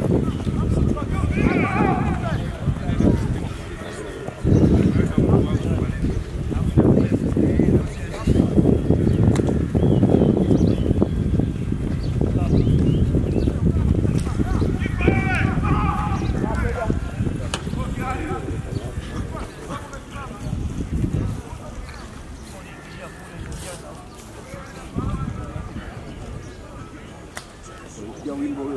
n 要赢不赢？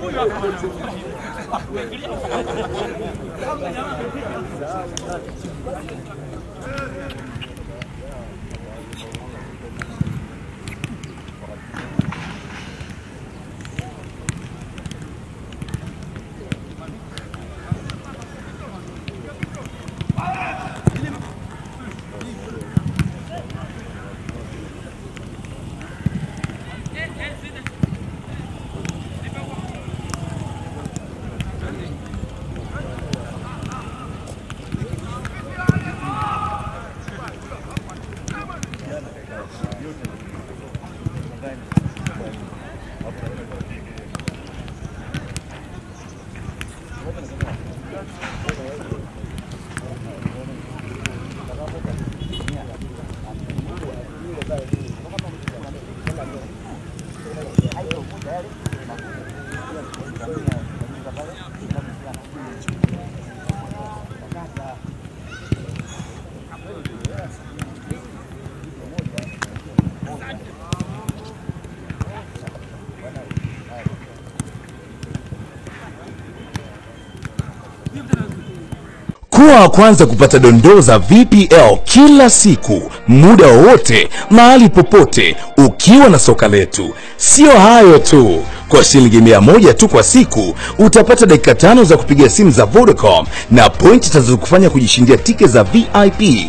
Oui you. time. Kuwa wa kwanza kupata dondoo za VPL kila siku, muda wowote, mahali popote, ukiwa na soka letu. Siyo hayo tu, kwa shilingi mia moja tu kwa siku utapata dakika tano za kupiga simu za Vodacom na pointi zitazokufanya kujishindia tiketi za VIP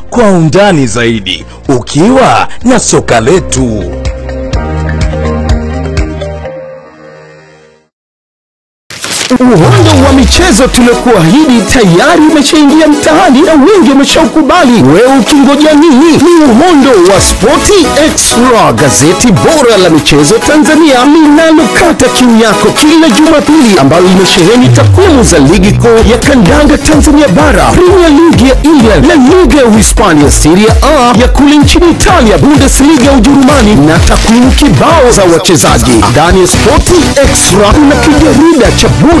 kwa undani zaidi ukiwa na soka letu. Uwanja wa michezo tuliokuahidi tayari umeshaingia mtaani na wengi wameshaukubali. Wewe ukingoja nini? Ni uhondo wa Sporti Extra, gazeti bora la michezo Tanzania linalokata kiu yako kila Jumapili, ambayo imesheheni takwimu za ligi kuu ya kandanga Tanzania Bara, Premier League ya England, La Liga ya Uhispania, Serie A ya kule nchini Italia, Bundesliga ya Ujerumani na takwimu kibao za wachezaji. Ndani ya Sporti Extra kuna kijarida cha bure